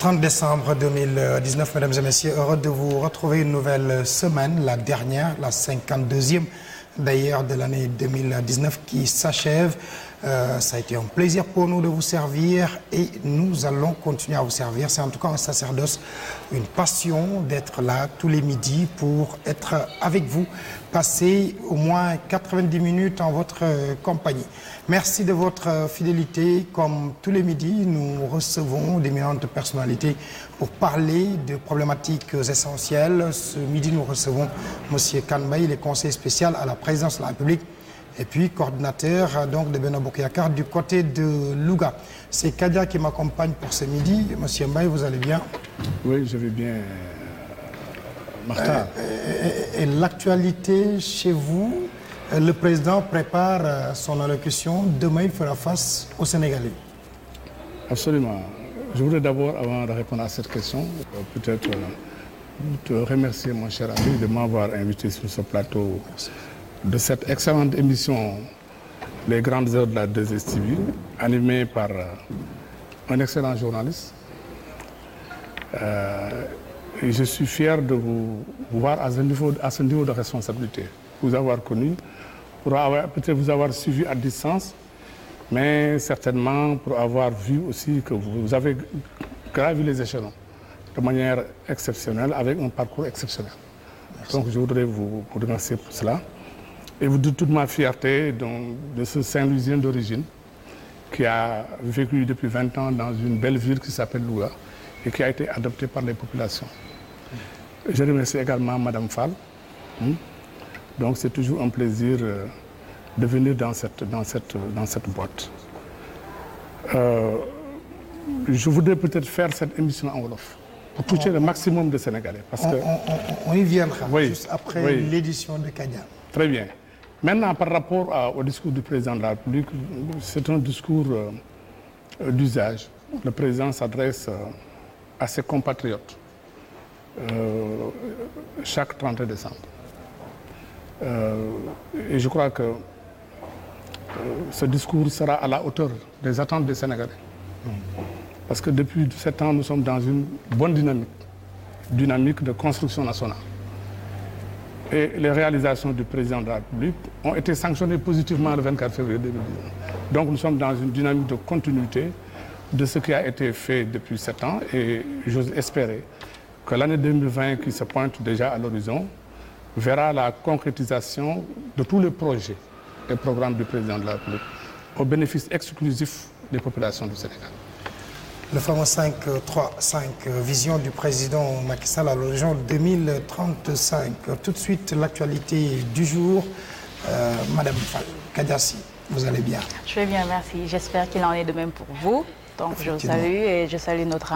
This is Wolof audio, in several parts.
30 décembre 2019, mesdames et messieurs, heureux semaine, la dernière, la 52e d'ailleurs de l'année 2019 qui s'achève. Euh, ça a été un plaisir pour nous de vous servir et nous allons continuer à vous servir. C'est en tout cas un sacerdoce, une passion d'être là tous les midis au moins 90 minutes en votre Merci de votre euh, fidélité. Comme tous les midis, nous recevons d'éminentes personnalités pour parler de problématiques essentielles. Ce midi, nous recevons M. Kanbaï, le conseiller spécial à la présidence de la République et puis coordinateur euh, donc, de Benoît Bokyakar du côté de Louga. C'est Kadia qui m'accompagne pour ce midi. Monsieur Mbaye, vous allez bien euh, l'actualité chez vous Euh, le président prépare euh, son allocution. Demain, il fera face aux Sénégalais. Je voudrais d'abord, avant de répondre à cette question, euh, peut-être te remercier, mon cher ami, de m'avoir invité sur ce plateau de cette excellente émission Les grandes heures de la 2 TV, animée par un excellent journaliste. Euh, et je suis fier de vous voir à ce niveau, à ce niveau de responsabilité. vous avoir connu, peut-être vous avoir suivi à distance, mais certainement pour avoir vu aussi que vous avez gravi les échelons de manière exceptionnelle, avec un parcours exceptionnel. Merci. Donc je voudrais vous remercier pour cela et vous dire de ce Saint-Louisien d'origine qui a vécu depuis 20 ans dans une belle ville qui s'appelle Louga et qui a été adoptée par les populations. Je remercie également Madame Fall. Donc c'est toujours un plaisir euh, de venir dans cette, dans cette, dans cette boîte. Euh, je voudrais peut-être faire cette émission en Wolof pour toucher le maximum de Sénégalais. Parce que... on, on y viendra oui, juste après l'édition de Kanya. Très bien. Maintenant, par rapport à, au discours du président de la République, c'est un discours euh, euh, d'usage. Le président s'adresse euh, à ses compatriotes euh, chaque 30 décembre. Euh, et je crois que euh, ce discours sera à la hauteur des attentes des Sénégalais. Hmm. Parce que depuis sept ans, nous sommes dans une bonne dynamique, dynamique de construction nationale. Et les réalisations du président de la République ont été sanctionnées positivement le 24 février 2019. Donc nous sommes dans de continuité de ce a été fait depuis sept ans et j'ose espérer que l'année 2020 qui pointe déjà à verra la concrétisation de tous les projets et programmes président de la bénéfice exclusif des populations du Sénégal. Le fameux 5, 3, euh, euh, vision du président Macky Sall à l'horizon 2035. Tout de suite, l'actualité du jour. Euh, Madame Kadassi, vous allez bien Je vais bien, merci. Donc je vous salue et je salue notre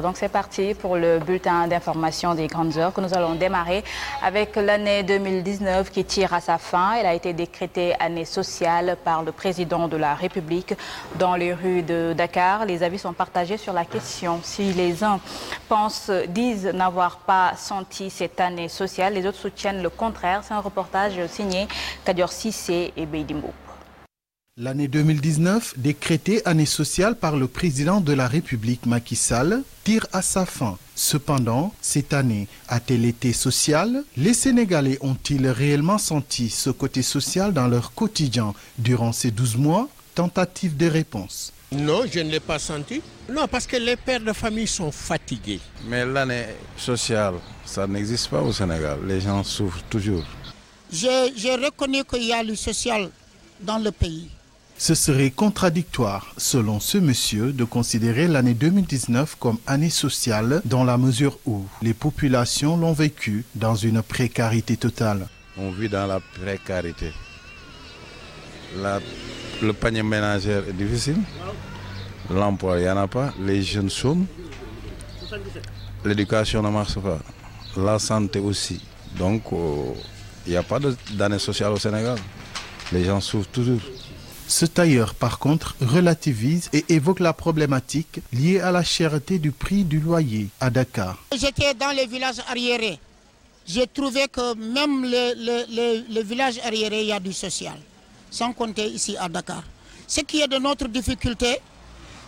Donc c'est parti bulletin d'information des grandes heures que nous allons démarrer avec l'année 2019 qui tire à sa fin. Elle le président de la République dans les rues de Dakar. Les avis sont partagés sur la les uns pensent, disent n'avoir pas senti cette sociale, le contraire. C'est un reportage signé Kadior L'année 2019, décrétée année sociale par le président de la République Macky Sall, tire à sa fin. Cependant, cette année a-t-elle été sociale Les Sénégalais ont-ils réellement senti ce côté social dans leur quotidien durant ces 12 mois Tentative de réponse. Non, je ne l'ai pas senti. Non, parce que les pères de famille sont fatigués. Mais l'année sociale, ça n'existe pas au Sénégal. Les gens souffrent toujours. Je, je qu'il y a le social dans le pays. Ce serait contradictoire, selon ce monsieur, de considérer l'année 2019 comme année sociale dans la mesure où les populations l'ont vécu dans une précarité totale. On vit dans la précarité. La, le panier ménagère est difficile. L'emploi, il Les jeunes sont. L'éducation ne marche pas. La santé aussi. Donc, euh, il euh, n'y a pas d'année sociale au Sénégal. Les gens souffrent toujours. Ce tailleur, par contre, relativise et évoque la problématique liée à la cherté du prix du loyer à Dakar. J'étais dans les villages arriérés. J'ai trouvé que même le les, les, villages arriérés, il y a du social, sans compter ici à Dakar. Ce qui est de notre difficulté,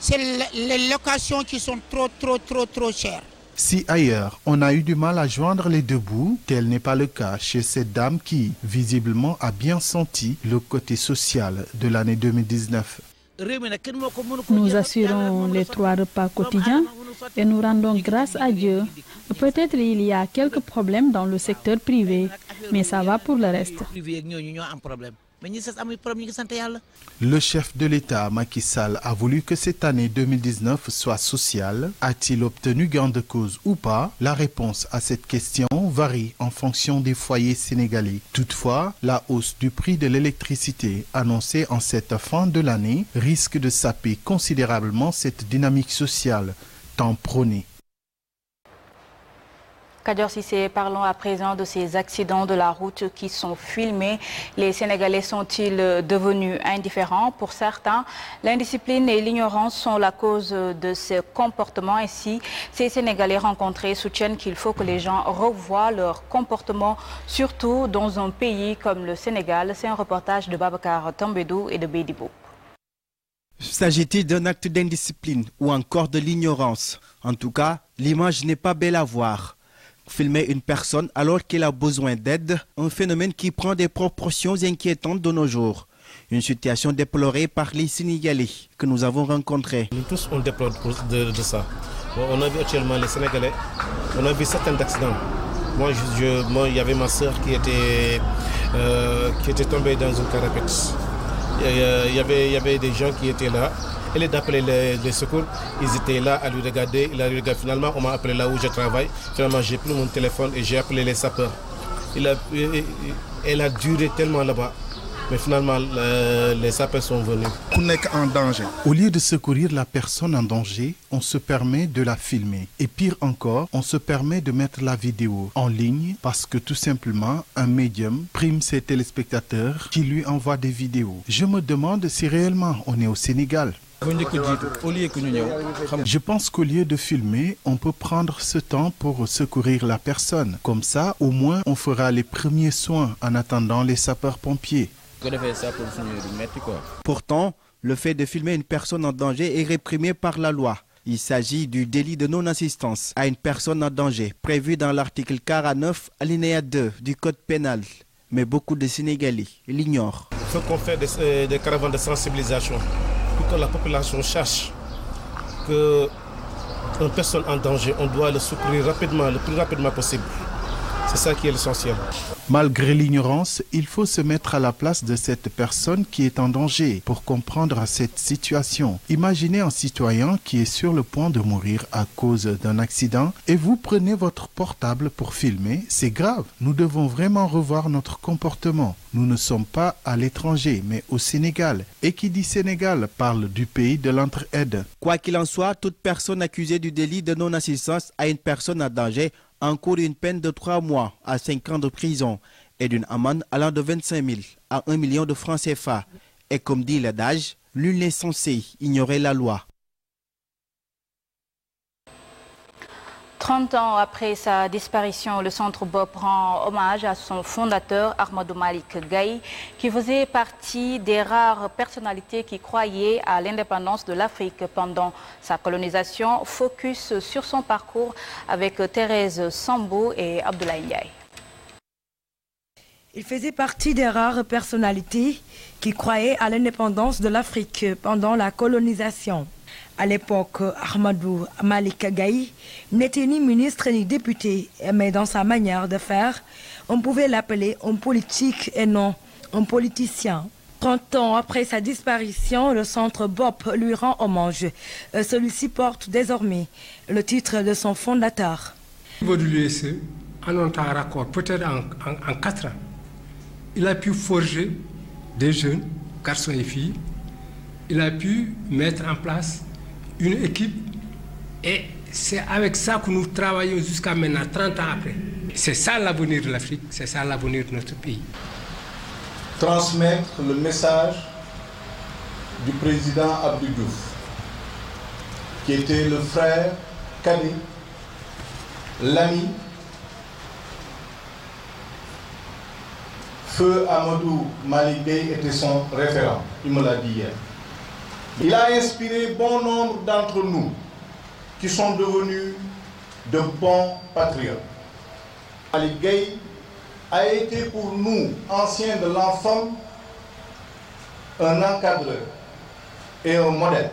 c'est les locations qui sont trop, trop, trop, trop chères. Si ailleurs on a eu du mal à joindre les deux bouts, tel n'est pas le cas chez cette dame qui, visiblement, a bien senti le côté social de l'année 2019. Nous assurons les trois repas quotidiens et nous rendons grâce à Dieu. Peut-être il y a quelques problèmes dans le secteur ah, privé, mais ça va pour le reste. mais ñi sas sant yàlla. Le chef de l'État Macky Sall a voulu que cette année 2019 soit sociale. A-t-il obtenu gain de cause ou pas? La réponse à cette question varie en fonction des foyers sénégalais. Toutefois, la hausse du prix de l'électricité annoncée en cette fin de l'année risque de saper considérablement cette dynamique sociale tant prônée Kadior Sissé, parlons à présent de ces accidents de la route qui sont filmés. Les Sénégalais sont-ils devenus indifférents Pour certains, l'indiscipline et l'ignorance sont la cause de ce comportement. si ces Sénégalais rencontrés soutiennent qu'il faut que les gens revoient leur comportement, surtout dans un pays comme le Sénégal. C'est un reportage de Babacar Tambedou et de Bédibou. S'agit-il d'un acte d'indiscipline ou encore de l'ignorance En tout Filmer une personne alors qu'il a besoin d'aide, un phénomène qui prend des proportions inquiétantes de nos jours. Une situation déplorée par les Sénégalais que nous avons rencontrés. Nous tous, on déplore de, de, de ça. On a vu actuellement les Sénégalais, on a vu certains accidents. Moi, je, je, moi, il y avait ma soeur qui était, euh, qui était tombée dans une carapette. Euh, il y, avait, il y avait des gens qui étaient là, et d'appeler là à lui regarder. Il a regardé finalement, a, il, elle a duré tellement là Mais finalement, les sapeurs sont venus. en danger. Au lieu de secourir la personne en danger, on se permet de la filmer. Et pire encore, on se permet de mettre la vidéo en ligne parce que tout simplement, un médium prime ses téléspectateurs qui lui envoient des vidéos. Je me demande si réellement on est au Sénégal. Je pense qu'au lieu de filmer, on peut prendre ce temps pour secourir la personne. Comme ça, au moins, on fera les premiers soins en attendant les sapeurs-pompiers. Pourtant, le fait de filmer une personne en danger est réprimé par la loi. Il s'agit du délit de non-assistance à une personne en danger, prévu dans l'article 49, alinéa 2 du Code pénal. Mais beaucoup de Sénégalais l'ignorent. Il faut euh, de sensibilisation. que la population cherche que une personne en danger, on doit le secourir rapidement, le plus rapidement possible. C'est ça qui est l'essentiel. Malgré l'ignorance, il faut se mettre à la place de cette personne qui est en danger pour comprendre cette situation. Imaginez un citoyen qui est sur le point de mourir à cause d'un accident et vous prenez votre portable pour filmer. C'est grave. Nous devons vraiment revoir notre comportement. Nous ne sommes pas à l'étranger, mais au Sénégal. Et qui dit Sénégal parle du pays de l'entraide. Quoi qu'il en soit, toute personne accusée du délit de non-assistance encourt une peine de 3 mois à 5 ans de prison et d'une amende allant de 25 000 à un million de francs CFA. Et comme dit l'adage, nul n'est censé ignorer la loi. 30 ans après sa disparition, le centre Bob rend hommage à son fondateur, Ahmadou Malik Gaye, qui faisait partie des rares personnalités qui croyaient à l'indépendance de l'Afrique pendant sa colonisation. Focus sur son parcours avec Thérèse Sambo et Abdoulaye Ndiaye. Il faisait partie des rares personnalités qui croyaient à l'indépendance de l'Afrique pendant la colonisation. À l'époque, Ahmadou Malik Gaye n'était ni ministre ni député, mais dans sa manière de faire, on pouvait l'appeler un politique et non un politicien. 30 ans après sa disparition, le centre BOP lui rend hommage. Euh, celui-ci porte désormais le titre de son fondateur. Au niveau du l'USE, on a un raccord peut-être en, en, ans. il a pu forger des jeunes, garçons et filles. Il a pu mettre en place une équipe et c'est avec ça que nous travaillons jusqu'à maintenant, 30 ans après. C'est ça l'avenir de l'Afrique, c'est ça l'avenir de notre pays. Transmettre le message du président Abdou Diouf, qui était le frère cadet, l'ami Feu Amadou Malik était son référent, il a inspiré bon nombre d'entre nous qui sont devenus de bons patriotes. a été pour nous, anciens de l'enfant, un encadreur et un modèle.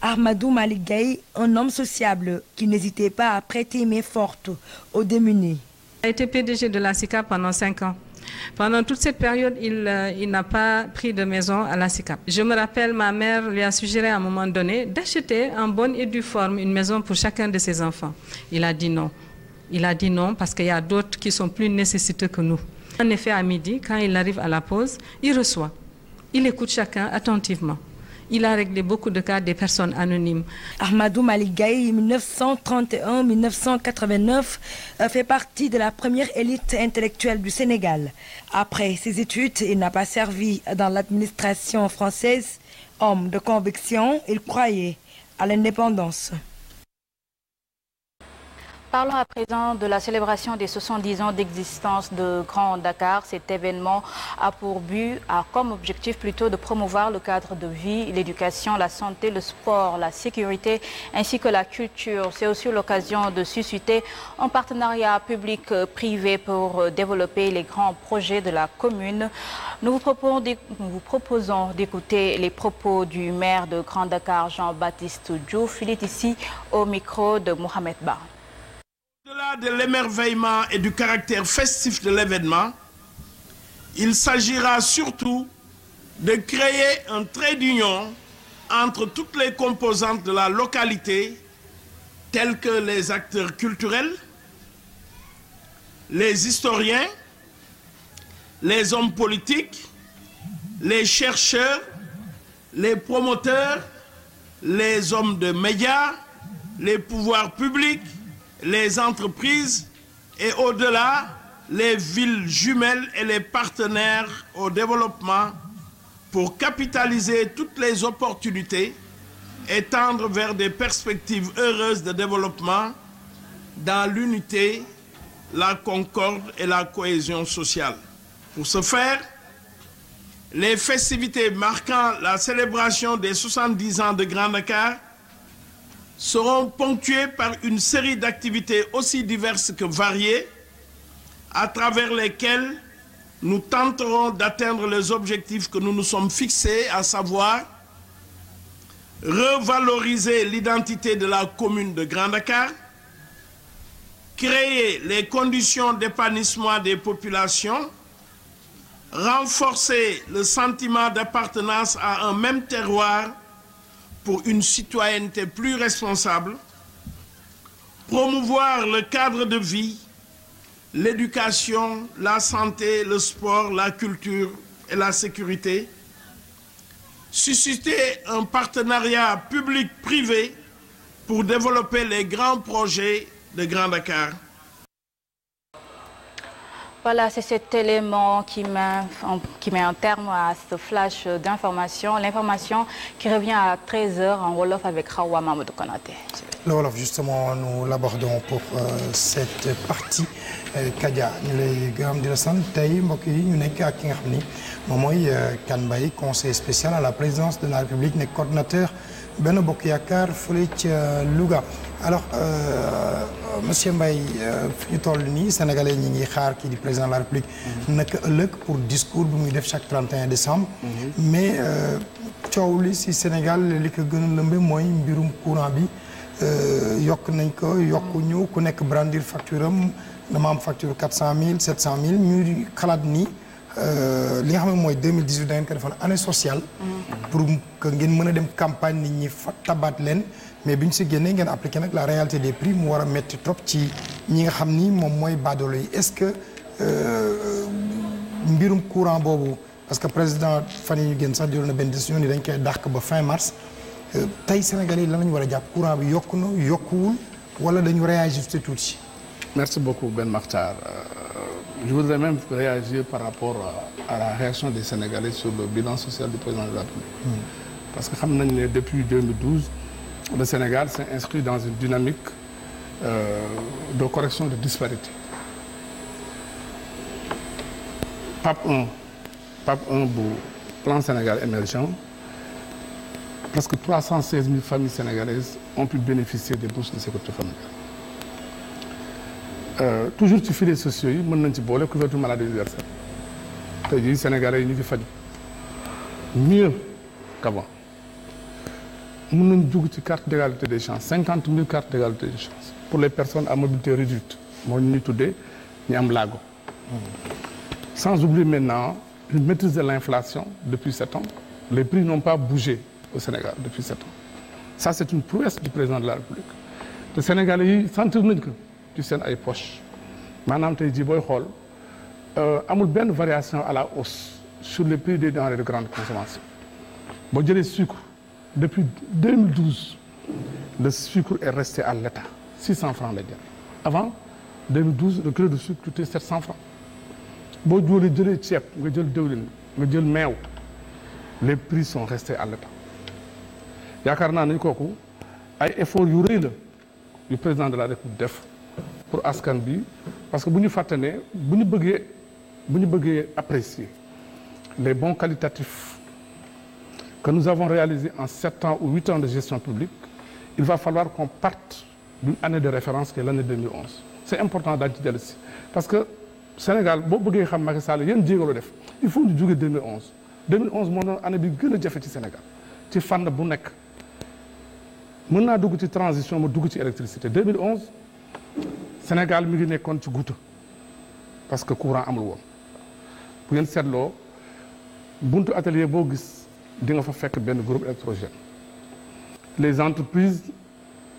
Ahmadou Malik un homme sociable qui n'hésitait pas à prêter main forte aux démunis. a été PDG de la SICA pendant 5 ans. Pendant toute cette période, euh, il, n'a pas pris de maison à la SICAP. Je me rappelle, ma mère lui a suggéré à un moment donné d'acheter en bonne et due forme une maison pour chacun de ses enfants. Il a dit non. parce qu'il y a d'autres qui sont plus nécessiteux que nous. En effet, à midi, quand il arrive à la pause, il reçoit. Il écoute chacun attentivement. Il a réglé beaucoup de cas des personnes anonymes. Ahmadou Malick Gaye, 1931-1989, fait partie de la première élite intellectuelle du Sénégal. Après ses études, il n'a pas servi dans l'administration française. Homme de conviction, il croyait à l'indépendance. Parlons à présent de la célébration des 70 ans d'existence de Grand Dakar. Cet événement a pour but, de promouvoir le cadre de vie, l'éducation, le sport, la sécurité ainsi que la culture. C'est aussi l'occasion de susciter un les grands projets de la commune. Nous vous proposons, les propos maire de Grand Dakar, Jean-Baptiste Diouf. Il est ici micro de Mohamed Ba. delà de l'émerveillement et du caractère festif de l'événement, il s'agira surtout de créer un trait d'union entre toutes les composantes de la localité, telles que les acteurs culturels, les historiens, les hommes politiques, les chercheurs, les promoteurs, les hommes de médias, les pouvoirs publics, les entreprises et au-delà les villes jumelles et les partenaires au développement pour capitaliser toutes les opportunités et tendre vers des perspectives heureuses de développement dans l'unité, la concorde et la cohésion sociale. Pour ce faire, les festivités marquant la célébration des 70 ans de Grand Dakar seront ponctués par une série d'activités aussi diverses que variées, à travers lesquelles nous tenterons d'atteindre les objectifs que nous nous sommes fixés, à savoir revaloriser l'identité de la commune de grande Dakar, créer les conditions d'épanouissement des populations, renforcer le sentiment d'appartenance à un même terroir pour une citoyenneté plus responsable, promouvoir le cadre de vie, l'éducation, la santé, le sport, la culture et la sécurité, susciter un partenariat public-privé pour développer les grands projets de Grand Dakar. Voilà, c'est cet élément qui met, en, qui met un terme à ce flash d'information. L'information qui revient à 13h en Wolof avec Rawa Mamadou Konaté. Le Wolof, justement, nous l'abordons pour euh, cette partie. Euh, Kadia ñu lay gërëm di la sant tey mbokk yi ñu nekk ak ki nga xam ni moom mooy euh, Kane Mbaye conseiller spécial à la présidence de la République nekk coordonnateur Benno Bokk Yaakaar fële ca Louga. alors euh, monsieur mbay euh, fi ñu toll nii sénégalais ñi ngi xaar kii di président de la république. naka ëllëg pour discours bi muy def chaque 31 décembre. Mhm. mais euh, coow li si Sénégal li ko gën a lëmbe mooy mbirum courant bi yokk nañ ko yokkuñu ku nekk brandir facture am dama am facture 400000 700000 ñu xalaat nii. li nga xam ne mooy 2018 da ngeen ko defoon année sociale. Mhm. pour que ngeen mën a dem campagne nit ñi fa tabaat leen mais bi ñu si génnee ngeen appliqué nag la réalité des prix mu war a métti trop ci ñi nga xam ni moom mooy baadoolo yi est-ce que euh, mbirum courant boobu parce que président fan yi ñu génn sax jël na benn décision ni dañ koy dàq ba fin mars euh, tey Sénégalais yi lan la ñu war a jàpp courant bi yokku na yokkuwul wala dañu réajuster tuuti. merci beaucoup Ben Makhtar euh, je voudrais même réagir par rapport à la de la République. Hmm. parce que xam nañ ne depuis le Sénégal s'est inscrit dans une dynamique euh, de correction de disparités. PAP 1 PAP 1 bu plan Sénégal émergent presque 316 000 familles sénégalaises ont pu bénéficier des bourses de sécurité familiale. Euh, toujours ci filets sociaux yi mën nañ ci boole couverture maladie universelle tey jii sénégalais yi ñu ngi mieux qu'avant mën nañ dugg ci carte d'égalité des chances cinquante mille cartes d'égalité des chances pour les personnes à mobilité réduite moo ñu tuddee ñu am laago sans oublier maintenant une maîtrise de l'inflation depuis sept les prix n'ont pas bougé au Sénégal depuis sept ans ça c'est une prouesse du président de la République te sénégal yi sentir nañ ko ci seen ay poche maanaam tey jii booy xool euh, amul benn variation à la hausse sur les prix des denrées de grande consommation boo jëlee sucre depuis 2012 le sucre est resté à l'État 600 francs la jar avant 2012 le kilo de sucre coûtait 700 francs boo joolee jëlee ceeb nga jël diwlin nga jël meew les prix son resté à l'État yaakaar naa ni kooku ay efforts yu rëy la yu président de la République def pour askan bi parce que bu ñu fàtte bu ñu bëggee bu ñu bëggee apprécier les bons qualitatifs que nous avons réalisé en sept ans ou huit ans de gestion publique, il va falloir qu'on parte d'une année de référence qui est l'année 2011. C'est important daal ci dellusi parce que Sénégal boo bëggee xam Macky Sall yéen jéego la def il faut ñu jóge 2011 moo doon année bi gën a jafe ci Sénégal ci fànn bu nekk mën naa dugg ci transition ma dugg ci électricité 2011 Sénégal mi ngi nekkoon ci goutte parce que courant amul woon bu ngeen seetloo buntu atelier boo gis. di nga fa fekk benn groupe électrogène les entreprises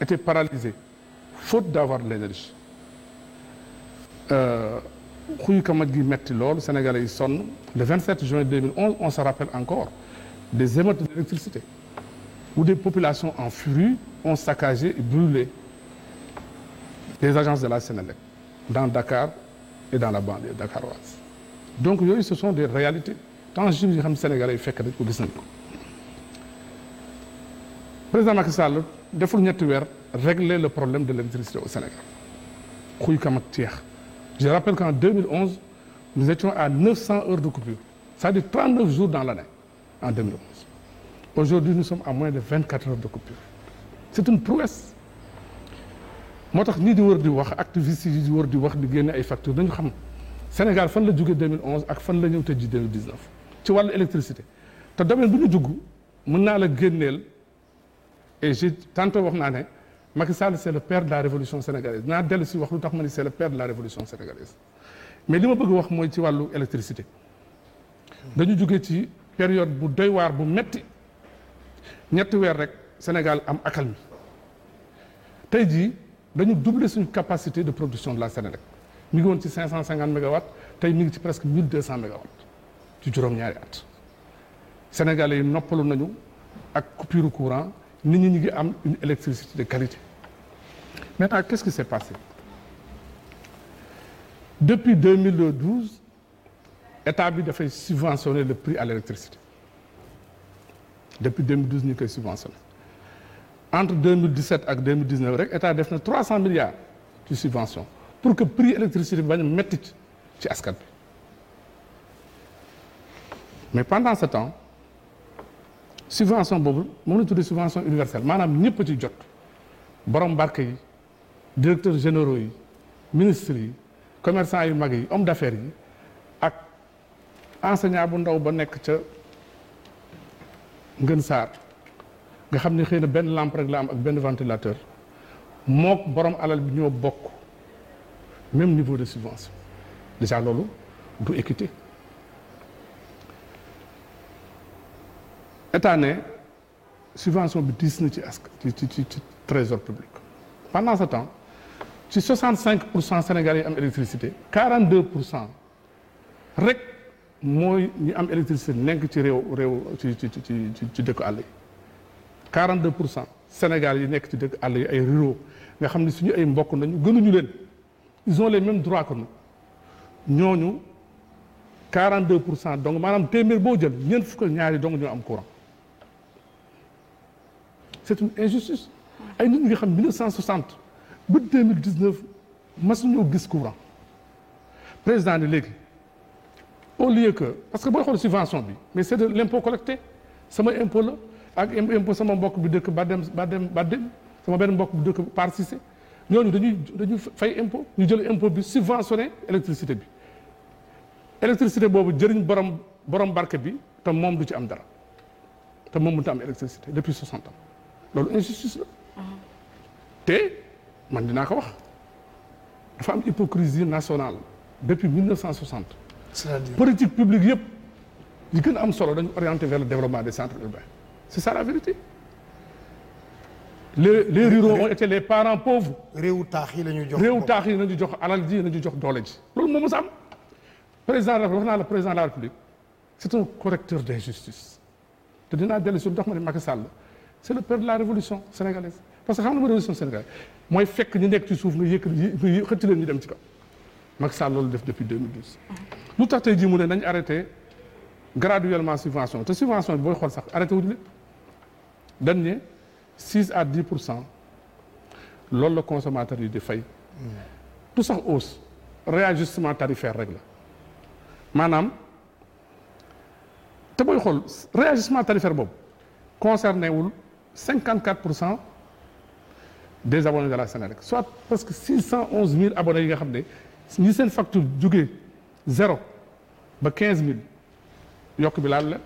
étaient paralysées faute d'avoir de l'énergie euh, xuy kamaj gi metti loolu sénégalais yi sonn le 27 juin 2011 on se rappelle encore des émeutes d'électricité où des populations en furie ont saccagé et brûlé les agences de la Sénélec dans Dakar et dans la banlieue dakaroise donc yooyu ce sont des réalités tangible yi xam Sénégalais yi fekk nañ ko gis nañ ko président Macky Sall deful ñetti weer régler le problème de l'électricité au Sénégal xuy kam ak ceex je rappelle qu'en 2011 nous étions à 900 heures de coupure c'est-à-dire 39 jours dans l'année en 2011 aujourd'hui nous sommes à moins de 24 heures de coupure c'est une prouesse moo tax ñii di wër di wax activistes yi di wër di wax di génne ay factures dañu xam Sénégal fan la jóge 2011 ak fan la ñëw tëj ji 2019 ci wàllu électricité te domaine bu ñu dugg mën naa la génneel et je tantôt wax naa ne Macky Sall c' per le de la révolution sénégalaise naa dellu si wax lu tax ma ni c' est le père de la révolution sénégalaise mais li ma bëgg wax mooy ci wàllu électricité dañu jóge ci période bu doy waar bu metti ñetti weer rek Sénégal am accalmie tey jii dañu doubler suñu capacité de production de la Sénélec mi ngi woon ci 550 mégawatts tey mi ngi ci presque 1200 mégawatts ci juróom-ñaari at Sénégalais yi noppalu nañu ak coupure courant nit ñi ñu ngi am une électricité de qualité maintenant qu'est-ce qui s'est passé depuis 2012 état bi dafay subventionner le prix à l'électricité depuis 2012 ñu koy subventionné entre 2017 ak 2019 rek état def na 300 milliards ci subvention pour que prix électricité bi bañ a ci askan bi mais pendant ce temps subvention boobu moom la tuddee subvention universelle maanaam ñëpp ci jot borom barke yi directeur généraux yi ministres yi commerçants yu mag yi homme d'affaires yi ak enseignant bu ndaw ba nekk ca ngën saar nga xam ni xëy na benn lampe rek la am ak benn ventilateur mook borom alal bi ñoo bokk même niveau de subvention déjà loolu du équité état ne subvention bi diis na ci askan ci ci ci trésor public pendant ce temps ci cinq pour cent sénégal yi am électricité 42 pour cent rek mooy ñu am électricité nekk ci réew réew ci ci ci ci dëkk àll yi pour cent Sénégal yi nekk ci dëkk àll yi ay ruraux nga xam ne suñu ay mbokk nañu gënuñu leen ils ont les mêmes droits que nous ñooñu 42 pour cent donc maanaam téeméer boo jël ñeent fukk ñaari dong ñoo am courant. c'est une injustice ay nit ñi nga xam 1960 ba 2019 mas ñoo gis courant président ni léegi au lieu que parce que booy xool subvention bi mais c'est de l'impôt collecté sama impôt la ak impôt sama mbokk bi dëkk Badem Badem Badem sama benn mbokk bi dëkk Par Cissé ñooñu dañuy dañuy fay impôt ñu jël impôt bi subventionné électricité bi électricité boobu jëriñ borom borom barke bi tam moom du ci am dara te moom mënut a am électricité depuis 60 ans. loolu injustice la te man dinaa ko wax dafa am hypocrisie nationale depuis 1960. c'est-à-dire politique publique yëpp yi gën a am solo dañu orienté vers le développement des centres urbains c'est ça la vérité les les ruraux ont été les parents pauvres. réewu taax yi la ñu jox réewu taax yi la ñu jox alal ji la ñu jox doole ji loolu moom mos am président wax naa la président de la république c'est un correcteur d'injustice te dinaa dellu si ndax ma ne Macky Sall. c'est le père de la révolution sénégalaise parce que xam nga ma révolution sénégalaise mooy fekk ñu nekk ci suuf nga yëkk nga xëcc leen ñu dem ci kaw Macky Sall loolu def depuis 2012. lu tax tey jii mu ne nañ arrêté graduellement subvention te subvention bi booy xool sax arrêté wuñu lépp dañ ne 6 à 10 pour cent loolu la consommateur yi di fay. tout sax hausse réajustement tarifaire rek la maanaam te booy xool réajustement tarifaire boobu concerné wul. cinquante 54 pour cent des abonnés de la Sénélec soit parce que onze 000 abonnés yi nga xam ne ñi seen facture jógee zéro ba 15 mille yokk bi laal la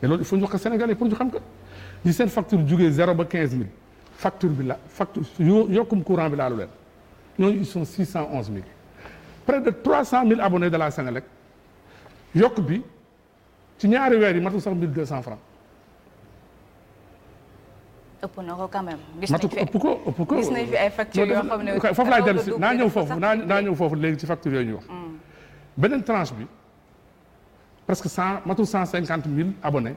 te loolu il faut ñu wax ko Sénégalais pour ñu xam que ñi seen facture jugee zéro ba quinze mille facture bi la facture yokkum courant bi laalu leen ñooñu ils sont 611 000 près de cent mille abonnés de la Sénélec yokk bi ci ñaari weer yi matul sax 1200 francs ëpp na ko quand même. gis nañ fi ëpp ko ëpp ko gis naa ñëw foofu naa ci factures yooyu mm. beneen tranche bi presque cent matul cent cinquante mille abone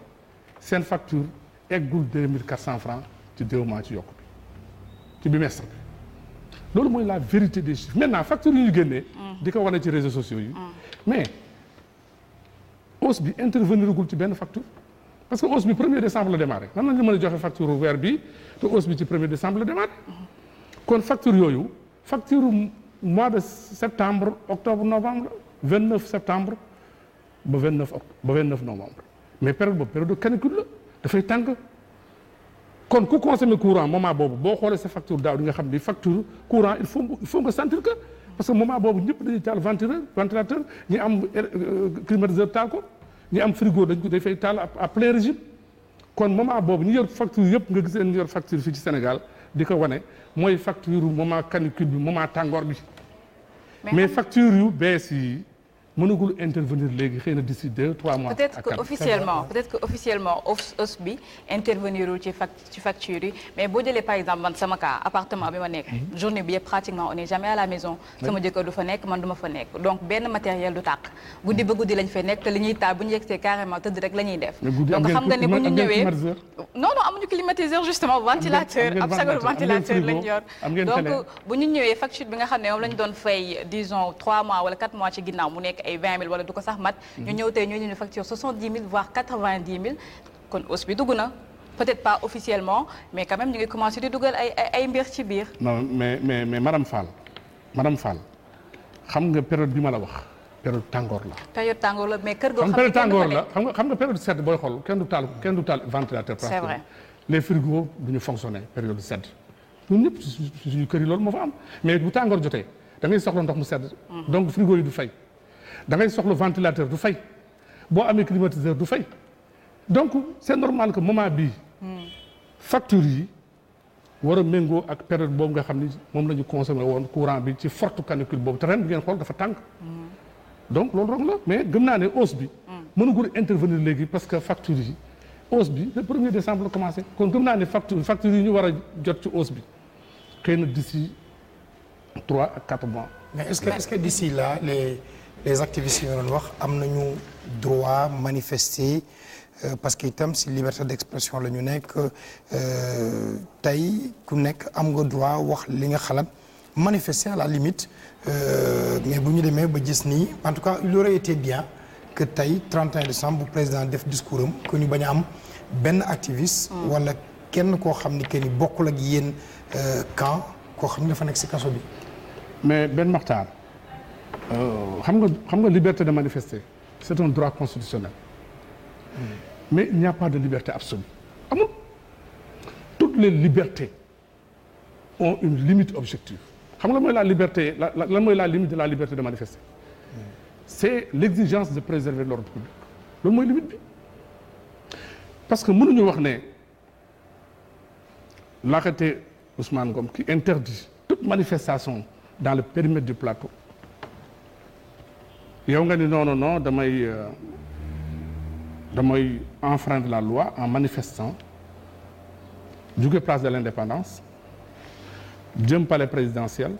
seen facture eggul deux mille quatre cent francs ci deux mois ci yokk bi ci bimestre bi loolu mooy la vérité des chiffres maintenant facture yi ñu génnee. Mm. di ko ci réseaux sociaux yi. Mm. mais hausse bi intervenir gul ci benn facture. parce que hausse bi premier décembre la démarré nan la ñu mën a joxe facture weer bi te hausse premier décembre la démarré kon facture yooyu facture mois de septembre octobre novembre vingt neuf septembre ba vingt neuf octobre ba vingt neuf novembre mais période boobu période canicule la dafay tàng kon ku consommer courant moment boobu boo xoolee sa facture daaw di nga xam ni facture courant il faut il faut nga sentir que parce que moment boobu ñëpp dañuy taal ventilateur ventilateur ñu am euh, climatiseur taal ko ñu am frigo dañ ko day fay taal à plein régime kon moment boobu ñu yor facture yëpp nga gis leen ñu yor facture fii ci Sénégal di ko wane mooy facture moment canicule bi moment tàngoor bi mais facture yu bees yi mënagul intervenir léegi xëy na d'ici trois mois. peut être que officiellement peut être bi intervenir ci facture yi mais boo jëlee par exemple man sama cas appartement bi ma nekk. Mhm. journée bi yëpp pratiquement on jamais à la maison. sama jëkkër du fa nekk man du fa nekk donc benn matériel du tàkk. guddi ba guddi lañ fay nekk te li ñuy taal bu ñu yegsee carrément tëdd rek la def. donc xam nga ne bu ñu ñëwee non non amuñu climatiseur justement ay 20 000 wala du ko sax mat. ñu ñëw tey ñooñu ñu facture 70 voire 90 000 kon hausse bi dugg di dugal ay ay mbir ci biir. mais mais mais xam nga période bi ma la wax période tàngoor la. période tàngoor la mais kër xam nga période sedd booy xool kenn du taal kenn du taal ventilateur. c'est vrai les du ñu fonctionner période sedd. ñun ñëpp suñu kër yi loolu moo fa am mais bu tàngoor jotee da soxla ndox mu sedd. Mm. donc frigo yi du fay. da ngay soxla ventilateur du fay boo amee climatiseur du fay donc c'est normal que moment bii facture yi war a méngoo ak période boobu nga xam ni moom la ñu consommé woon courant bi ci fort canicule boobu te ren bi ngeen xool dafa tànk donc loolu rong la mais gëm naa ne hausse bi mënagul intervenir léegi parce que facture yi hausse bi le premier décembre la commencé kon gëm naa ne facture facture yi ñu war a jot ci hausse bi xëy na d'ici trois à quatre mois mais est-ce que est-ce que les activistes yi nga wax am nañu droit manifester euh, parce que itam si liberté d'expression la ñu nekk euh, tey ku nekk am nga droit wax li nga xalaat manifester à la limite euh, mais bu ñu demee ba gis nii en tout cas il aurait été bien que tey 31 décembre bu président def discours am que ñu bañ a am benn activiste. Mm. wala kenn koo xam ni que ni bokkul ak yéen camp koo xam ne dafa nekk si kaso bi. mais benn maxtaan. Euh, xam nga xam nga liberté de manifester c'est un droit constitutionnel mais il n'y a pas de liberté absolue amul toutes les libertés ont une limite objective xam nga mooy la liberté la lan mooy la limite de la liberté de manifester c'est l'exigence de préserver l'ordre public loolu mooy limite bi parce que mënuñu wax ne l'arrêté Ousmane Ngom qui interdit toute manifestation dans le périmètre du plateau yow nga ni noonu non damay euh, damay enfreindre la loi en manifestant jóge place de l'indépendance jëm palais présidentiel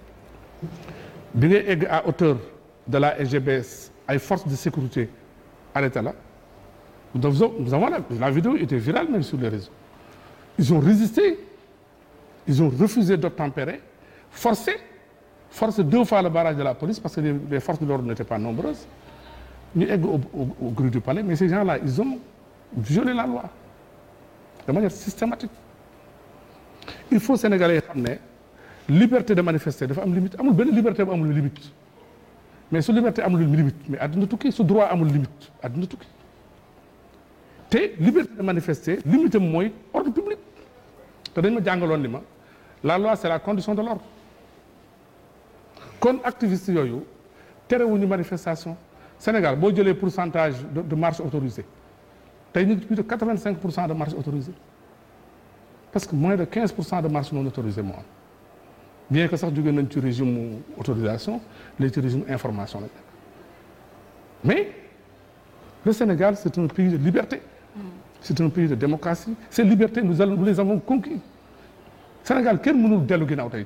bi ngay egg à hauteur de la SGBS ay forces de sécurité arrêté la donc nous avons la, la vidéo était virale même sur les réseaux ils ont résisté ils ont refusé d'obtempérer forcé force deux fois le barrage de la police parce que les, les forces de l'ordre n'étaient pas nombreuses ñu egg au, au, au grue du palais mais ces gens-là ils ont la loi de manière systématique il faut sénégalais yi xam ne liberté de manifester dafa am limite amul benn liberté bu amul limite mais su liberté amul limite mais àdduna tukki su droit amul limite àdduna tukki te liberté de manifester limite am mooy ordre public te dañ ma jàngaloon li ma la loi c'est la condition de l'ordre kon activiste yooyu tere terewuñu manifestation Sénégal boo jëlee pourcentage de de marche autorisée tey ñu ngi plus de cinq pour cent de marche autorisée parce que moins de quinze pour cent de marche non autorisée moo bien que sax jógee nañ ci régime autorisation léegi ci régime information lañ mais le Sénégal c' est un pays de liberté. Mm. c' est un pays de démocratie ces libertés nous allons nous les avons conquis Sénégal kenn mënul dellu ginnaaw tey.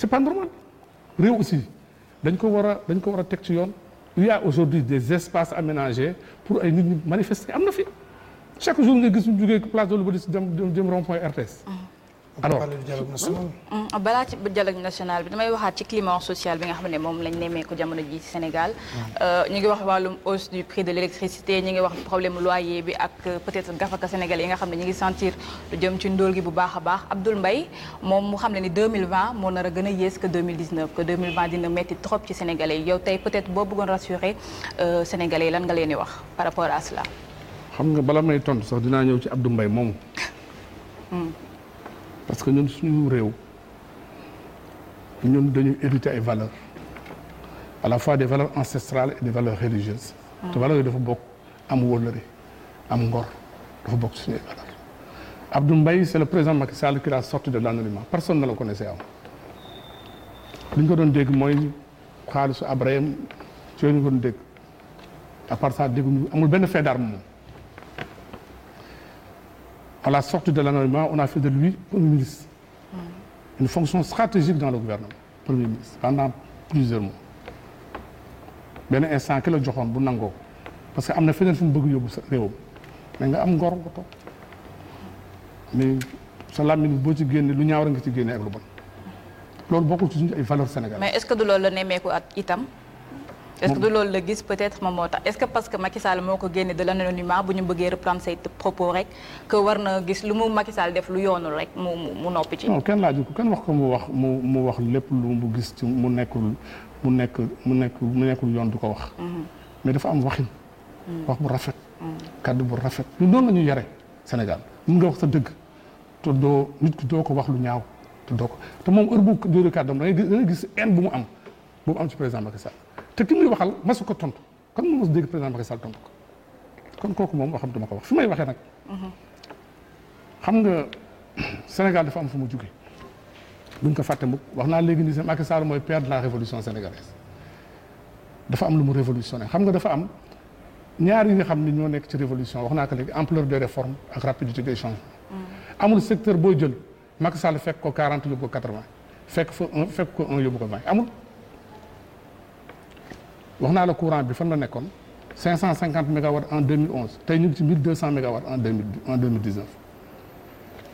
c'est pas normal réew aussi dañ ko war a dañ ko war a teg ci yoon il y a aujourd'hui des espaces aménagés pour ay nit ñi manifester am na fi chaque jour nga gis ñu jógee place de l'Obélisque dem dem rond-point RTS ah. Ah, alors mm, balaa ci dialogue national bi damay waxaat ci climat social bi nga xam ne moom lañ nemmeeku jamono ji Sénégal mm. euh, ñu ngi wax wàllum hausse du prix de l'électricité ñu ngi wax problème loyer bi ak euh, peut-être gafaka sénégalais yi nga xam ne ñu ngi sentir lu jëm ci ndóol gi bu baax a baax Abdoul Mbaye moom mu xam ne ni 2020 moo nar a gën a yées que 2019 que 2020 dina metti trop ci sénégalais yi yow tey peut-être boo bëggoon rassurer euh, sénégalais yi lan nga leen di wax par rapport à cela xam nga bala may tontu sax dinaa ñëw ci parce que ñun suñu réew ñun dañuy hériter ay valeurs à la fois des valeurs ancestrales et des valeurs religieuses. Ah. te valeurs yi dafa bokk am wóllëre am ngor dafa bokk suñu ay valeurs. Abdou Mbaye c' est le président Macky Sall qui l'a sorti de l'anonymat personne ne le connaissait avant li ñu ko doon dégg mooy xaalisu Abraham ci la ko doon dégg à part ça dégguñu amul benn fait moom. à la de la on a fait de lui Premier ministre. Une fonction stratégique dans la gouvernement, Premier ministre, pendant plusieurs mois. benn instant ki la joxoon bu nangoo parce que am na feneen fu bëgg yóbbu sa réewam mais nga am ngor nga toog mais sa làmmiñ boo ci génne lu ñaaw rek nga ci génnee ak lu bon loolu bokkul ci suñu ay valeurs sénégalaises. mais est-ce que du loolu la nemmeeku at itam est-ce que loolu la gis peut-être moom moo tax est-ce que parce que Macky moo ko génne de l'anonymat bu ñu bëggee reprendre say propos rek que war na gis lu mu Macky def lu yoonul rek mu mu noppi ci. kenn laaju ko kenn wax ko mu wax lépp lu mu gis ci mu nekkul mu nekk mu nekk mu nekkul yoon du ko wax. Mm-hmm. mais dafa am waxin. Mm-hmm. wax bu rafet. Mm-hmm. kaddu bu rafet ñu noonu la ñu yore Sénégal mun nga wax sa dëgg te doo nit ki doo ko wax lu ñaaw te doo ko te moom heure bu dóoree kàddoom da gis da bu mu am bu mu am ci président Macky te ki muy waxal masu ko tontu kon moom mos dégg président Macky Sall tontu ko kon kooku moom waxam dama ko wax fi may waxee nag. xam nga Sénégal dafa am fu mu jugee. lu ko fàtte wax naa léegi nii Macky mooy père de la révolution sénégalaise dafa am lu mu révolutionné xam nga dafa am ñaar ni xam ni ñoo nekk ci révolution wax naa ko léegi ampleur des réformes ak rapidité des changements. amul secteur boo jël Macky Sall fekk ko 40 yóbbu ko 80 fekk fa un fekk ko un yóbbu ko wax naa la courant bi fan la nekkoon 550 mégawatts en 2011 tey ñu ngi ci 1200 mégawatts en 2000 en 2019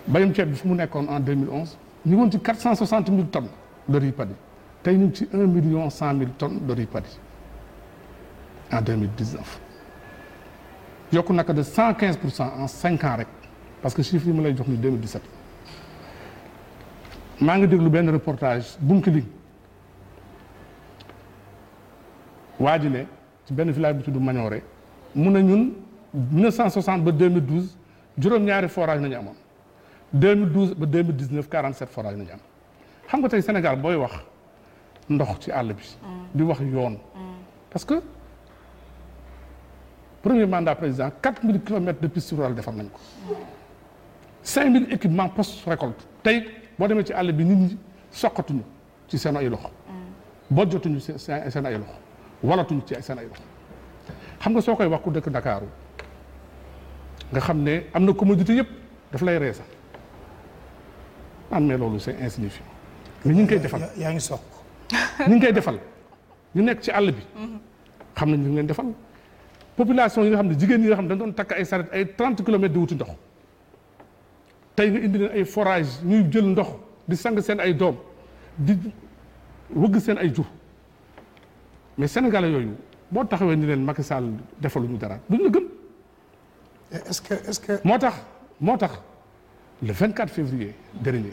mbayum ceeb bi fu mu nekkoon en 2011 ñu ngi woon ci 460 000 tonnes de riz padi tey ñu ngi ci 1 million 100 000 tonnes de riz padi en 2019 yokku naka de 115 cent en 5 rek parce que chiffre yi ma lay jox ni 2017 maa ngi déglu benn reportage Bounkiling waa ji ne ci benn village bu tudd Mañoore mun na ñun 1960 ba 2012 juróom-ñaari forage nañu amoon 2012 ba 2019 47 forage nañu am xam nga tey Sénégal booy wax ndox ci àll bi. bi wax yoon. parce que premier mandat président 4000 kilomètres de piste rurale defar nañ ko. 5000 équipements post récolte tey boo demee ci àll bi nit ñi soqatuñu ci seen ay loxo. boo jotuñu seen seen ay walatuñ ci seen ay wax xam nga soo koy wax ku dëkk ndakaaru nga xam ne am na commodité yëpp daf lay ree am naan mais loolu c'est insignifiant mais ñu ngi koy defal yaa ngi soq ñu ngi koy defal ñu nekk ci àll bi xam nañ ñu ngi defal population yi nga xam ne jigéen ñi nga xam ne dañ doon takk ay saret ay trente kilomètres di wuti ndox tey nga indi leen ay forage ñuy jël ndox di sang seen ay doom di wëgg seen ay jur mais sénégalais yooyu boo taxawee ni leen Macky Sall defaluñu dara duñu la gëm. ce que est-ce que. moo tax moo tax le 24 février dernier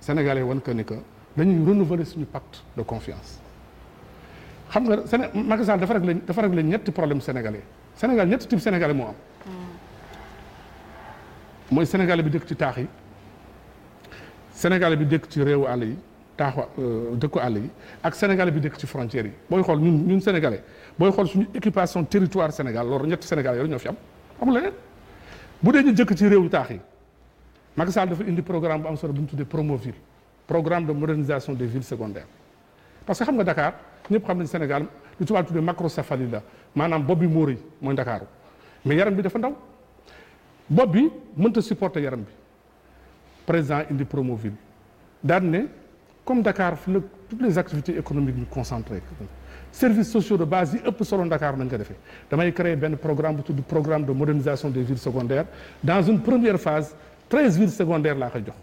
sénégalais wan que ni que dañuy renouveler suñu pacte de confiance xam nga Séné Macky Sall dafa réglé dafa réglé ñetti problème sénégalais Sénégal ñetti type sénégalais moo am. Hmm. mooy sénégalais bi dëkk ci taax yi sénégalais bi dëkk ci réewu àll yi. taaxu euh, dëkku àll yi ak sénégalais bi dëkk ci frontière yi booy xool ñun ñun sénégalais booy xool suñu occupation territoire Sénégal loolu ñett sénégalais yooyu ñoo fi am amul leneen bu dee ñu jëkk ci réewu taax yi Macky Sall dafa indi programme bu am solo ñu tuddee Promoville programme de modernisation des villes secondaires parce que xam nga dakaar ñëpp xam nañ Sénégal lu tubaab tuddee macrocéphalie la maanaam bopp bi moo rëy mooy Dakar mais yaram bi dafa ndaw bopp bi mënta supporter yaram bi président indi Promoville daan comme Dakar le toutes les activités économiques ñu concentré services sociaux de base yi ëpp solo Dakar nañ ko defee damay créer benn programme bu tudd programme de modernisation des villes secondaires dans une première phase treize villes secondaires laa koy jox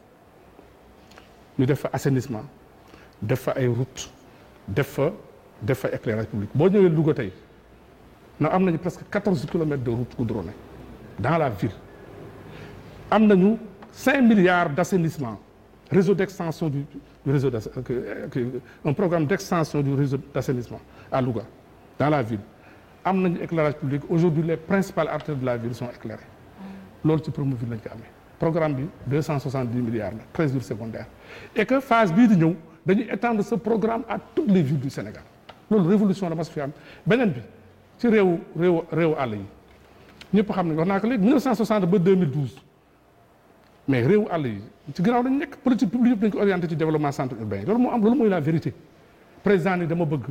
ñu def fa assenissement def fa ay routes def fa def fa éclairage public boo ñëwee Louga tey na am nañu presque quatorze kilomètres de route goudronnée dans la ville am nañu cinq milliards d' assainissement réseau d'extension du, du réseau euh, euh, euh, un programme d'extension du réseau d'assainissement à Louga dans la ville am nañu éclairage public aujourd'hui les principales artères de la ville sont éclairées loolu ci Promovilles lañ ko amee programme bi deux cent soixante dix milliards la treize villes secondaires et que phase bii di ñëw dañuy étendre ce programme à toutes les villes du Sénégal loolu révolution la mas fi am beneen bi ci réew réew réewu àll yi ñëpp xam nañ naa ko léegi ba mais réew àll yi ci ginnaaw dañ nekk politique publique yëpp dañ ko orienté ci développement centre urbain loolu moo mooy la vérité président ni dama bëgg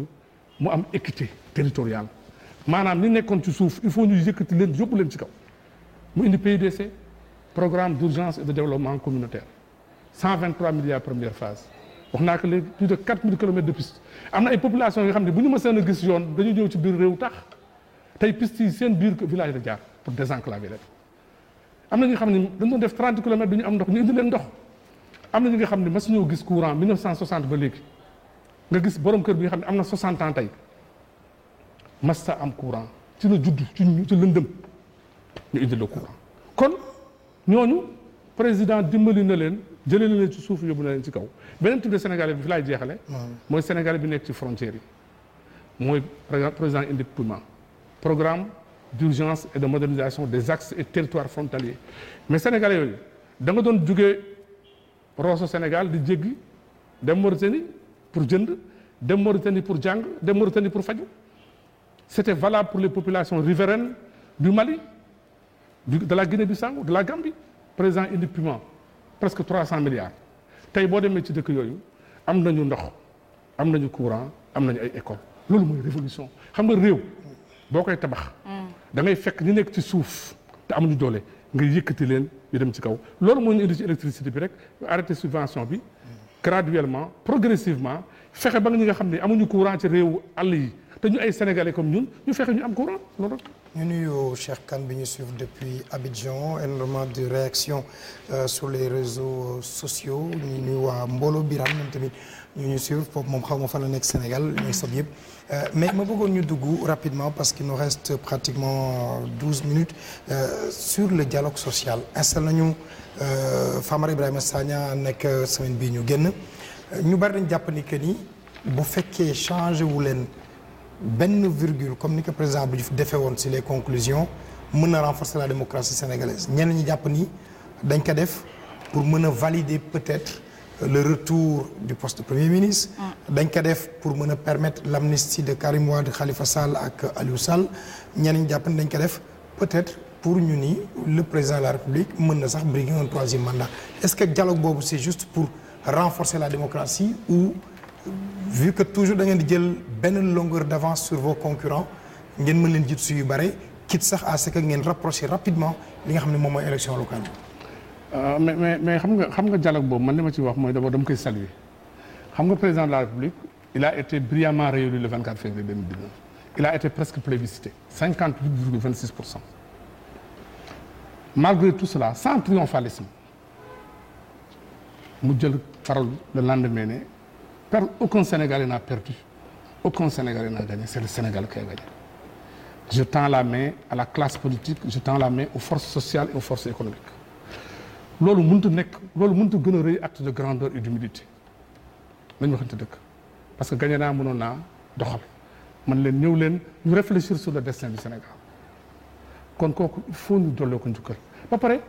mu am équité territoriale maanaam ni nekkoon ci suuf il faut ñu yëkkati leen yóbbu leen ci kaw mu indi PUDC programme d'urgence et de développement communautaire 123 milliards première phase wax naa ko léegi plus de 4000 kilomètres de piste am na ay population yoo xam ne bu ñu mëseen a gis yoon dañu ñëw ci biir réew tax tey piste yi seen biir village la jaar pour am na ñi nga xam ne dañ def 30 kilomètres du ñu am ndox ñu indi leen ndox am na ñi nga xam ne masuñoo gis courant 1960 ba léegi nga gis borom kër bi nga xam ne am na 60 ans tey masta am courant ci la judd ci ci lëndëm ñu indi la courant kon ñooñu président dimbali na leen jëlee na leen ci suuf yóbbu na leen ci kaw beneen type de sénégalais bi fi laay jeexale mooy sénégalais bi nekk ci frontières yi mooy président indi PUMA programme d'urgence et de modernisation des axes et territoires frontaliers mais sénégalais yooyu da nga doon jugee Rosso Sénégal di jéggi dem Mauritanie pour jënd dem Mauritanie pour jàng dem Mauritanie pour faju c'était valable pour les populations riveraines du Mali de la Guinée-Bissau de la Gambie président indi piment presque trois cent milliards tey boo demee ci dëkk yooyu am nañu ndox am nañu courant am nañu ay école loolu mooy révolution xam nga réew boo koy mm. da fekk ñu nekk ci suuf te amuñu doole nga yëkkati leen ñu dem ci kaw loolu moo ñu indi ci électricité bi rek arrêté subvention bi graduellement progressivement fexe ba ñi nga xam ne amuñu courant ci réew àll yi te ñu ay sénégalais comme ñun ñu fexe ñu am courant loolu rek. ñu nuyu Cheikh kan bi ñu suivre depuis Abidjan énormément de réactions euh, sur les réseaux sociaux ñu nuyu waa Mbolo Birame ñoom tamit. ñu ñu foofu moom xaw ma fan la nekk Sénégal ñooy sab yëpp euh, mais ma bëggoon ñu dugg rapidement parce que nous reste pratiquement douze minutes euh, sur le dialogue social installé nañu euh, Famara Ibrahima Sagna nekk euh, semaine bii ñu génn ñu bari dañ jàpp ni que ni bu fekkee changé wu leen benn virgule comme ni ko président bi defee woon si les conclusions mën na renforcer la démocratie sénégalaise ñenn ñi jàpp ni dañ ko def pour mën a valider peut-être le retour du poste de premier ministre. Mm. dañ ko def pour mën a permettre l' amnistie de Karim de Khalifa Sall ak Aliou Sall ñeen jàpp ne dañ ko def peut-être pour ñu nii le président de la République mën na sax briguer un troisième mandat est-ce que dialogue boobu c' est juste pour renforcer la démocratie ou vu que toujours da ngeen di jël benn longueur d' avance sur vos concurrents ngeen mën leen jiitu si yu bare quitte sax à ce que ngeen rapprocher rapidement li nga xam ne moom mooy élection locale. Euh, mais mais mais xam nga xam nga dialogue boobu man li ma ci wax mooy d'abord dama koy saluer xam nga président de la République il a été brillamment réélu le 24 février 2019 il a été presque plébiscité 58 virgule 26 pour cent malgré tout cela sans triomphalisme mu jël parole le lendemain ne per aucun Sénégalais n'a perdu aucun Sénégalais n'a gagné c'est le Sénégal qui a gagné je tends la main à la classe politique je tends la main aux forces sociales et aux forces économiques loolu mënut nekk loolu mënut gën a rëy acte de grandeur et lañu wax waxante dëkk parce que gagné naa mënoon naa doxal man leen ñëw leen ñu réfléchir sur le destin bi Sénégal kon kooku il ñu dolloo ko njukkal ba pare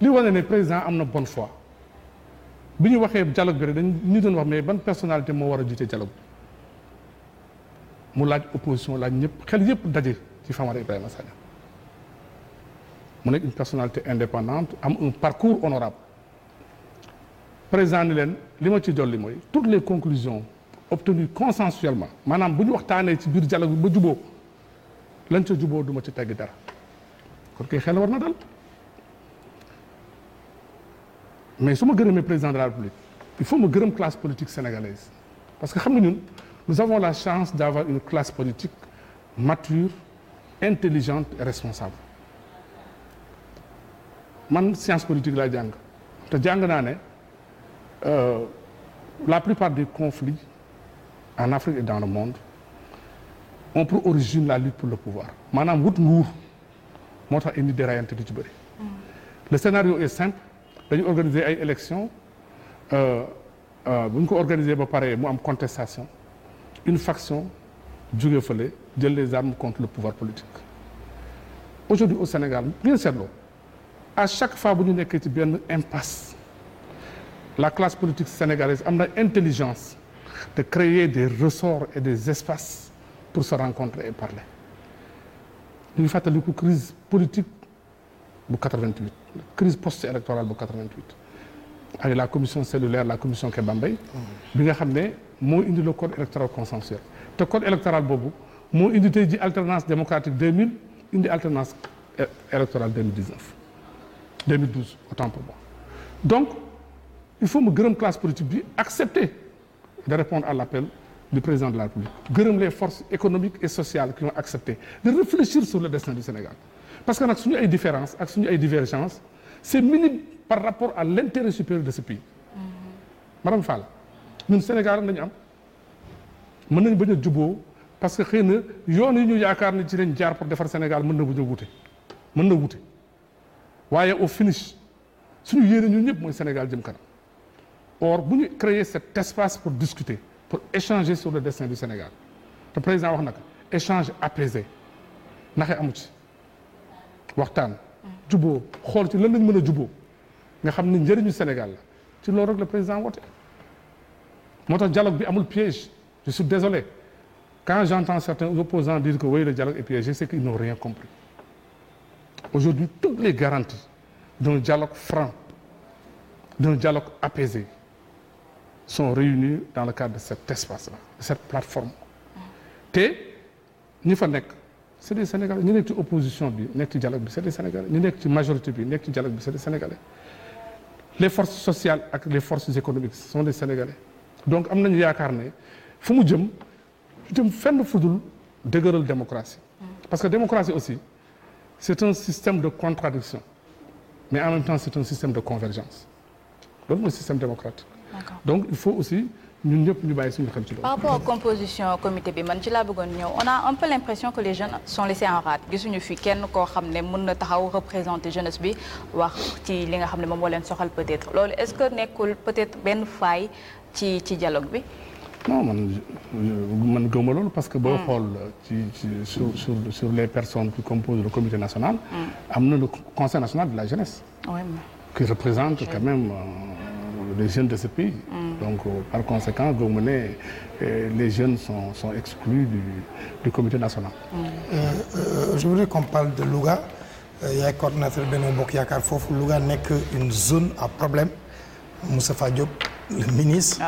li wane ne président am na bonne fois bi ñu waxee dialogue bi rek dañ ñu doon wax mais ban personalité moo war a jiite dialogue mu laaj opposition laaj ñëpp xel yëpp daje ci Famara Ibrahima Sagna mu nekk une personnalité indépendante am un parcours honorable président ni leen li ma ci dolli mooy toutes les conclusions obtenues consensuellement maanaam bu ñu waxtaanee ci biir dialogue bi ba juboo lañ ca juboo du ci tegg dara kon kay xel war na dal mais su ma gërëmee président de la république il faut ma gërëm classe politique sénégalaise parce que xam nga ñun nous avons la chance d'avoir une classe politique mature intelligente et responsable man science politique laa jàng te jàng naa ne euh, la plupart des conflits en Afrique et dans le monde ont pour origine la lutte pour le pouvoir maanaam wut nguur moo tax indi déraillante di ci bëri. le scénario est simple dañu organiser ay élections euh, euh, bu ñu ko organiser ba pare mu am contestation une faction jóge fële jël les am contre le pouvoir politique aujourd'hui au Sénégal bu ngeen seetloo a chaque fois bu ñu nekkee ci benn impasse la classe politique sénégalaise am na intelligence de créer des ressorts et des espaces pour se rencontre et parler ñuy fàttaliku crise politique bu 88 crise post-électorale bu 88 avec la commission cellulaire la commission Keba Mbaye bi nga xam ne moo indi le code électoral consensuel te code électoral boobu moo indi tey ji alternance démocratique 2000 indi alternance électorale 2012 autant pour moi donc il faut mu gërëm classe politique bi accepter de répondre à l'appel du président de la République gërëm les forces économiques et sociales qui ont accepté de réfléchir sur le destin du Sénégal parce que nag suñu ay différence ak suñu ay divergence c'est minime par rapport à l'intérêt supérieur de ce pays mm-hmm. madame Fall ñun Sénégal lañu am mën nañ bañ a juboo parce que xëy na yoon yi ñu yaakaar ne ci lañ jaar pour defar Sénégal mën na bu ñu wute mën na wute waaye au finish suñu yéene ñun ñëpp mooy Sénégal jëm kanam or bu ñu créer cet espace pour discuter pour échanger sur le destin du Sénégal te président wax na ko échange apaisé naxe amu ci waxtaan. juboo xool ci lan lañ mën a juboo nga xam ni njëriñu Sénégal la ci loolu rek le président woote. moo tax dialogue bi amul piège je suis désolé quand j'entends certains opposants dire que oui le dialogue est piégé c'est qu'ils n'ont rien compris. Aujourd'hui, toutes les garanties d'un dialogue franc, d'un dialogue apaisé, sont réunies dans le cadre de cet espace-là, de cette plateforme. te ñi fa nekk c'est des Sénégalais ñu nekk ci opposition bi nekk ci dialogue bi c'est des Sénégalais ñu nekk ci majorité bi nekk ci dialogue bi c'est des Sénégalais les forces sociales ak les forces économiques sont des Sénégalais donc am nañu yaakaar ne fu mu jëm jëm fenn fudul dëgëral démocratie parce que démocratie aussi c'est un système de contradiction mais en même temps c'est un système de convergence loolu mooy système démocratique donc il faut aussi ñun ñëpp ñu bàyyi suñu xel ci loolu. par rapport à composition comité bi man ci laa bëggoon ñëw on a un peu l'impression que les jeunes sont laissés en rade gisuñu fi kenn koo xam ne mën na taxaw représenter jeunesse bi wax ci li nga xam ne moom moo leen soxal peut-être loolu est-ce que nekkul peut-être benn faille ci ci dialogue bi. non man man gëmuma loolu parce que boo mm. xool ci ci sur sur sur les personnes qui composent le comité national mm. am mm. na le conseil national de la jeunesse oui, qui représente quand même euh, les jeunes de ce pays mm. donc euh, par conséquent gëmuma euh, les jeunes sont sont exclus du du comité national mm. euh, euh je voudrais qu'on parle de Louga euh, yaay coordinateur Benno Bokk Yaakaar foofu Louga nekk une zone à problème Moustapha Diop le ministre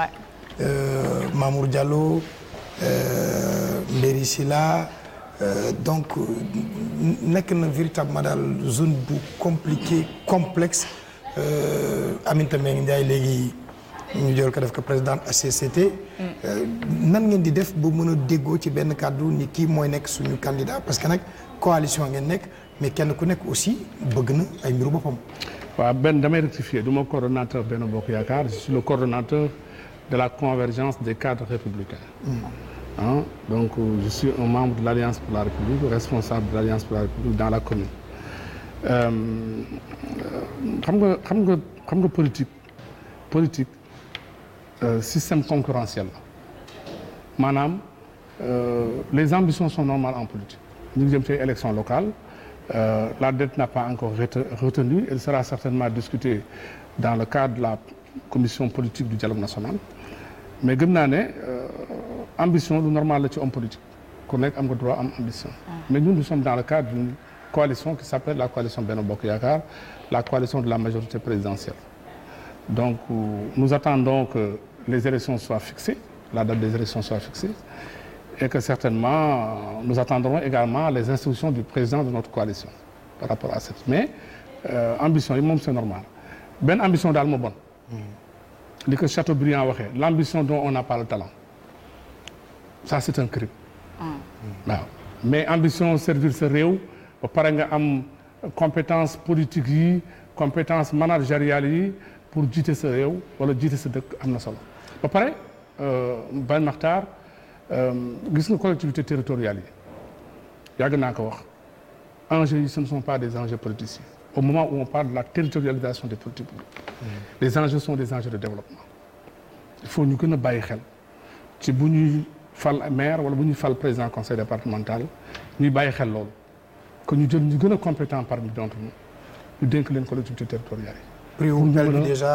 Euh, Mamour Diallo euh, Mbéri Sila euh, donc nekk na véritablement daal zone bu compliqué complexe Aminata Mbengue Ndiaye léegi ñu jël ko def ko présidente HCCT. Mm. nan ngeen di def ba mën a déggoo ci benn kàddu ni kii mooy nekk suñu candidat parce que nag coalition ngeen nekk mais kenn ku nekk aussi bëgg na ay mbiru boppam. waaw benn damay rectifier du ma coordonnateur benn bokk yaakaar je suis le de la convergence des cadres républicains. Hein? Donc je suis un membre de l'Alliance pour la République, responsable de l'Alliance pour la République dans la commune. Euh, xam nga xam nga xam nga politique politique euh, système concurrentiel la maanaam euh, les ambitions sont normales en politique ñu ngi jëm ci élection locale euh, la dette n'a pas encore retenue elle sera certainement discutée dans le cadre de la commission politique du dialogue national mais gëm naa ne euh, ambition lu normal la ci homme politique ku nekk am nga droit am ambition. Ah. mais ñun nous sommes dans le cadre d'une coalition qui s'appelle la coalition Benno Bokk Yaakaar la coalition de la majorité présidentielle. donc euh, nous attendons que les élections soient fixées la date des élections soit fixée et que certainement nous attendrons également les instructions du président de notre coalition par rapport à cette mais euh, ambition yi moom c'est normal benn ambition daal moo hmm. li ko Chateaubriand waxee l'ambition dont on n'a pas le talent ça c'est un crime. Ah. mais ambition servir sa réew ba pare nga am compétence politique yi compétence managériale yi pour jiite sa réew wala jiite sa dëkk am na solo ba pare euh, Baye Makhtar euh, gis nga collectivité territoriale yi yàgg naa ko wax enjeux yi ce ne sont pas des enjeux politiciens au moment où on parle de la territorialisation des politiques publiques mmh. les enjeux sont des enjeux de développement il faut ñu gën a bàyyi xel ci bu ñuy fal maire wala bu ñuy fal président conseil départemental ñuy bàyyi xel loolu ñu jël ñu gën a compétent parmi d'entre nous ñu dénk leen collectivité territoriale yi prix mel bi déjà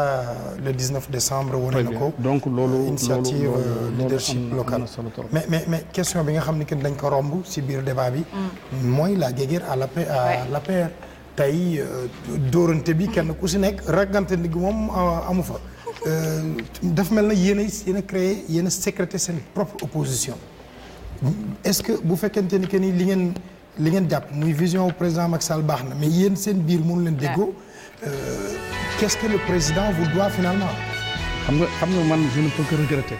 le 19 décembre wane na ko donc loolu initiative euh, leadership locale mais mais question bi nga xam ne que dañ ko romb ci biir débat bi mm. mooy la guerre à l'APR tey euh, dóorante bi kenn ku si nekk raggante ni gi moom euh, amu fa euh, dafa mel na yéen a yéen a créé yéen a seen propre opposition est-ce que bu fekkente ni que ni li ngeen li ngeen jàpp muy vision président Macky Sall baax na mais yéen seen biir mënu leen déggoo qu'est-ce que le président vous doit finalement xam nga xam nga man je ne peux que regretter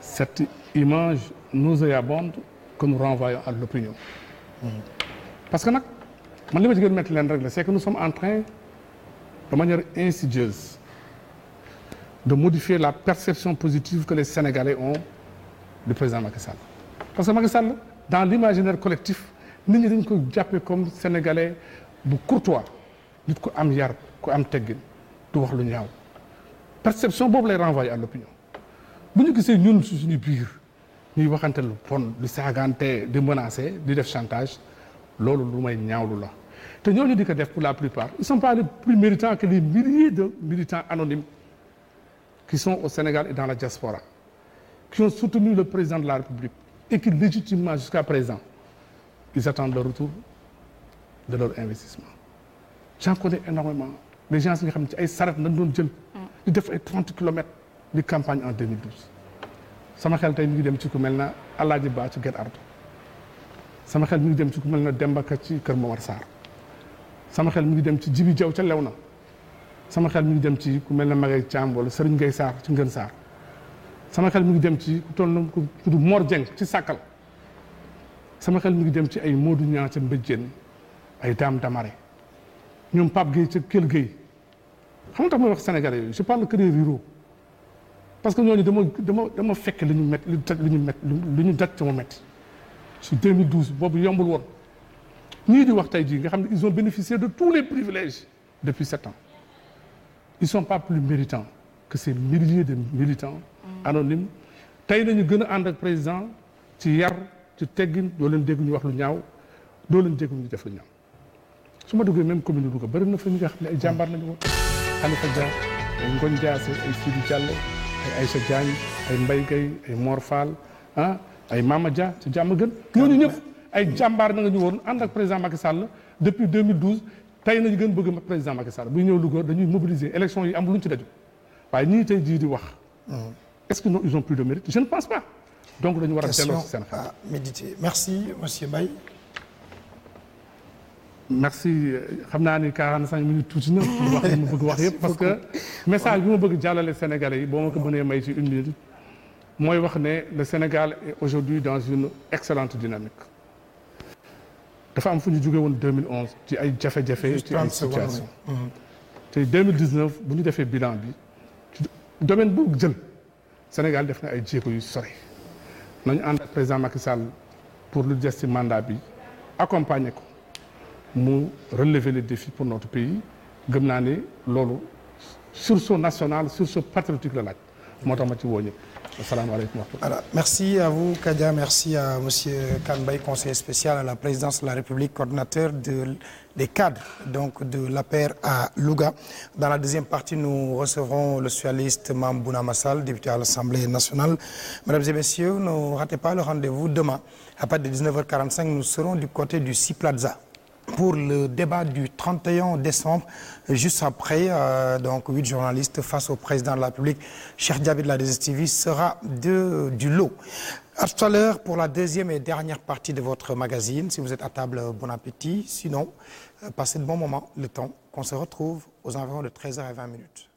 cette image nauséabonde que nous renvoyons à l'opinion mmh. parce que nag man li ma ci gën leen rek la c'est que nous sommes en train de manière insidieuse de modifier la perception positive que les Sénégalais on du président Macky parce que Macky Sall dans l'imaginaire collectif nit ñi dañ ko jàppee comme sénégalais bu courtois nit ku am yar ku am teggin du wax lu ñaaw perception boobu lay renvoyer à l'opinion bu ñu gisee ñun su suñu biir ñuy waxante lu bon lu saagante di menacer di def chantage loolu lu may lu la te ñooñu di ko def pour la plupart ils sont pas les plus méritants que les milliers de militants anonymes qui sont au Sénégal et dans la diaspora qui ont soutenu le président de la République et qui légitimement jusqu'à présent ils attendent le retour de leur investissement j'en connais énormément les gens yi nga xam ci ay saret lañ doon jël di def ay trente kilomètres di campagne en 2012 sama xel tey mi ngi dem ci ku mel na Alaaji Ba ci Guet sama xel mi ngi dem ci ku mel ne Demba Ka ci Kër Momar Sarr sama xel mi ngi dem ci Jibi Jaw ca na sama xel mi ngi dem ci ku mel ne Magay Thiam wala Serigne Gueye saar ci Ngën saar sama xel mi ngi dem ci ku toll na ku tudd Mor Dieng ci Sàkkal sama xel mi ngi dem ci ay Modou Niang ca Mbéjéen ay Dame Damare ñoom Pape Gueye ca Kell Gueye xam nga tax may wax Sénégalais yooyu je parle que des ruraux parce que ñooñu dama dama dama fekk li ñu met li ñu met ñu dat ca mu metti si 2012 boobu yombul woon ñii di wax tey jii nga xam ne ils ont bénéficié de tous les privilèges depuis sept ans ils sont pas plus méritants que ces milliers de militants mm. anonymes tey nañu gën a ànd ak président ci yar ci teggin doo leen dégg ñu wax lu ñaaw doo leen dégg ñu def lu ñaaw su ma duggee même commune Louga bari na fa ñu nga xam ne ay jàmbaar nañu woon Khalifa Dia ay Ngoñ Diassé ay Sidi Diallo ay Aïssa Diagne ay Mbaye Gueye ay Mor ah, ay maam a ci jàmm gën ñooñu ñëpp ay jàmbaar na nga ñu woon ànd président Macky Sall depuis 2012 tey nañu gën bëgg président Macky Sall bu ñëw Louga dañuy mobiliser élection yi am lu ñu ci daju waaye ñii tey jii di wax mm. est-ce que non ils ont plus de mérite je pense pas donc dañu war a delloo ci seen xel à méditer merci monsieur Mbaye merci xam naa ni 45 minutes tuuti na. wax li ma bëgg wax yëpp parce que message bi ma bëgg jàllale Sénégalais yi boo ma ko mënee may ci une mooy wax ne le Sénégal est aujourd'hui dans une excellente dynamique dafa am fu ñu jóge woon 2011 ci ay jafe-jafe ci ay situation mhm. te 2019 bu ñu defee bilan bi ci domaine bu jël Sénégal def na ay jéego yu sori nañu ànd ak président Sall pour lu des ci mandat bi accompagner ko mu relever les défis pour notre pays gëm naa ni loolu sursaut national sursaut patriotique la laaj moo tax ma ci woo asalaamaaleykum voilà merci à merci monsieur Kanbay conseiller spécial la présidence de la République coordinateur de des cadres donc de l'APR à Louga dans deuxième partie nous recevrons le socialiste Mame Bouna Massal député à l'Assemblée nationale mesdames et messieurs ne ratez pas le rendez-vous demain à partir de 19 h côté du Ciplaza pour le débat du 31 décembre juste après euh, donc huit journalistes face au président de la République Cheikh Diaby de la 2STV sera de du lot. À tout à l'heure pour la deuxième et dernière partie de votre magazine si vous êtes à table bon appétit sinon euh, passez de bons moments le temps qu'on se retrouve aux environs de 13 h minutes.